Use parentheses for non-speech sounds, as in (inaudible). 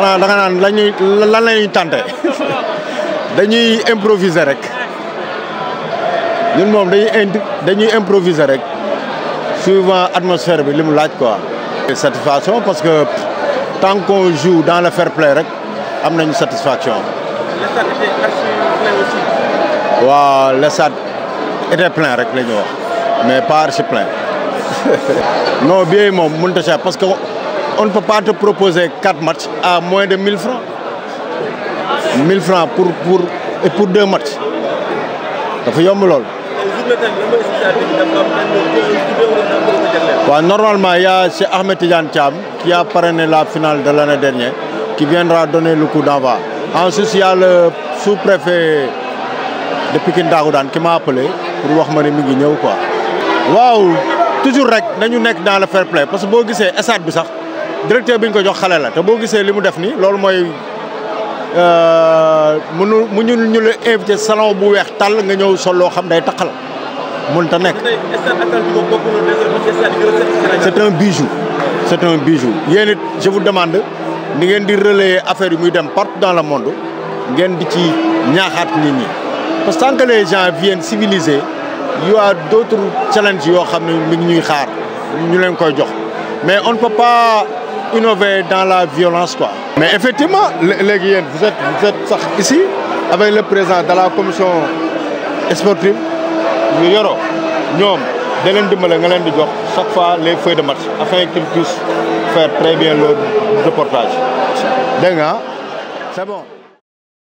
xanaa da nga la ñuy lan la ñuy tànte dañuy improviser rek ñun moom dañuy dañuy improviser rek suivant atmosphère bi li mu laaj quoi. satisfaction parce que tant qu'on joue dans le fair play rek am nañu satisfaction. waaw le stade était plein rek la ñu wax mais pas archi plein (laughs) non bii moom mënut parce que. on ne peut pas te proposer quatre matchs à moins de mille francs mille francs pour pour pour deux matchs dafa yomb lool. waaw normalement y' a Cheikh Ahmed Tidiane Thiam qui a parrainé la finale de l' année dernière qui viendra donner le coup d'envoi ensuite y' a le de Pikine Dagoudane qui m'a appelé pour wax ma ne mi ngi ñëw quoi. waaw toujours rek nañu nekk dans le fair play parce que boo gisee stade bi sax. directeur bi ñu ko jox xale la te boo gisee li mu def nii loolu mooy euh, mënu mu ñu ñu la salon bu weex tàll nga ñëw sol loo xam day taqal mënut ta nekk. c'est un bijou. c'est un bijou yéen it je vous ni ngeen di relayer affaire yi muy dem partout dans le monde ngeen di ci ñaaxaat nit ñi parce que tant que les gens viennent civilisés a d'autres challenges yoo xam ne mi ngi ñuy xaar ñu leen koy jox mais on ne innover dans la violence quoi. mais effectivement léegi yéen vous êtes sax ici avec le président de la commission sportive ñu yoroo ñoom da leen dimbale nga leen di jox chaque fois les feuilles de match afin qu'ils puissent faire très bien leur reportage dégg nga c'est bon.